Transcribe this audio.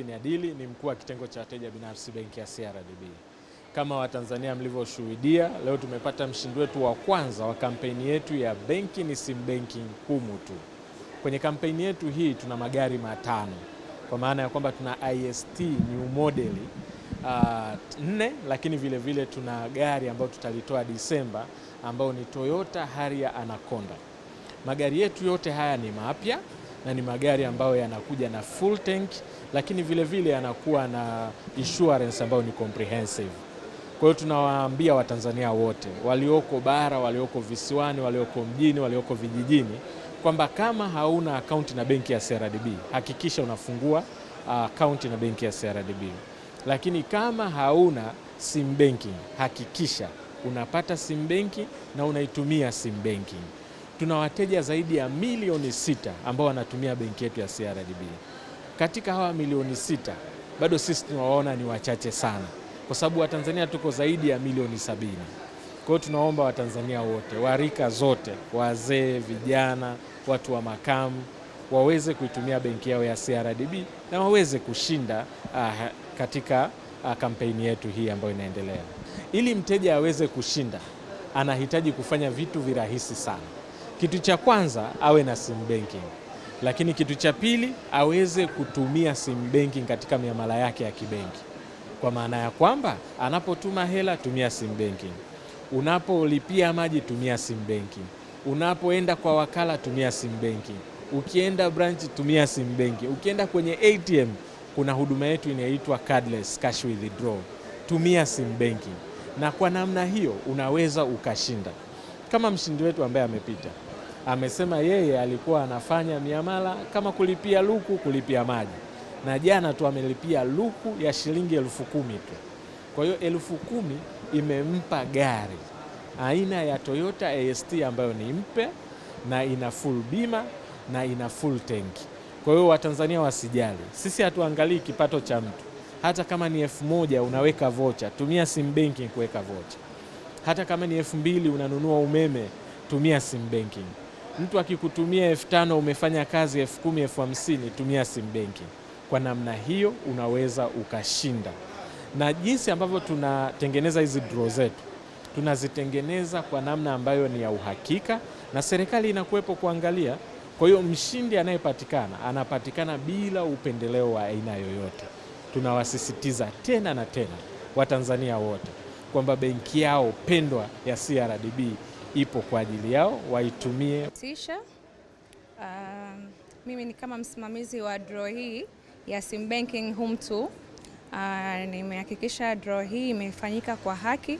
Kevin Adili ni mkuu wa kitengo cha wateja binafsi benki ya CRDB. Kama Watanzania mlivyoshuhudia, leo tumepata mshindi wetu wa kwanza wa kampeni yetu ya benki ni sim banking humu tu. Kwenye kampeni yetu hii tuna magari matano kwa maana ya kwamba tuna ist new model uh, nne, lakini vilevile vile tuna gari ambayo tutalitoa Disemba ambayo ni Toyota Harrier Anaconda. Magari yetu yote haya ni mapya na ni magari ambayo yanakuja na full tank, lakini vilevile yanakuwa na insurance ambayo ni comprehensive. Kwa hiyo tunawaambia Watanzania wote walioko bara, walioko visiwani, walioko mjini, walioko vijijini kwamba kama hauna akaunti na benki ya CRDB hakikisha unafungua uh, akaunti na benki ya CRDB, lakini kama hauna sim banking hakikisha unapata sim banking na unaitumia sim banking tuna wateja zaidi ya milioni sita ambao wanatumia benki yetu ya CRDB. Katika hawa milioni sita bado sisi tunawaona ni wachache sana, kwa sababu Watanzania tuko zaidi ya milioni sabini. Kwa hiyo tunaomba Watanzania wote wa rika zote, wazee, vijana, watu wa makamu waweze kuitumia benki yao ya CRDB na waweze kushinda uh, katika uh, kampeni yetu hii ambayo inaendelea. Ili mteja aweze kushinda, anahitaji kufanya vitu virahisi sana. Kitu cha kwanza awe na sim banking, lakini kitu cha pili aweze kutumia sim banking katika miamala yake ya kibenki, kwa maana ya kwamba anapotuma hela tumia sim banking, unapolipia maji tumia sim banking, unapoenda kwa wakala tumia sim banking, ukienda branch tumia sim banking, ukienda kwenye ATM kuna huduma yetu inaitwa cardless cash withdraw, tumia sim banking, na kwa namna hiyo unaweza ukashinda kama mshindi wetu ambaye amepita amesema yeye alikuwa anafanya miamala kama kulipia luku, kulipia maji, na jana tu amelipia luku ya shilingi elfu kumi tu. Kwa hiyo elfu kumi imempa gari aina ya Toyota AST ambayo ni mpe na ina full bima na ina full tanki. Kwa hiyo Watanzania wasijali, sisi hatuangalii kipato cha mtu. Hata kama ni elfu moja unaweka vocha, tumia sim banking kuweka vocha. Hata kama ni elfu mbili unanunua umeme, tumia sim banking. Mtu akikutumia elfu tano umefanya kazi elfu kumi elfu hamsini tumia sim banking. Kwa namna hiyo unaweza ukashinda, na jinsi ambavyo tunatengeneza hizi draw zetu tunazitengeneza kwa namna ambayo ni ya uhakika na serikali inakuwepo kuangalia. Kwa hiyo mshindi anayepatikana anapatikana bila upendeleo wa aina yoyote. Tunawasisitiza tena na tena Watanzania wote kwamba benki yao pendwa ya CRDB ipo kwa ajili yao waitumie. Tisha, uh, mimi ni kama msimamizi wa draw hii ya Sim Banking Home 2. Uh, nimehakikisha draw hii imefanyika kwa haki.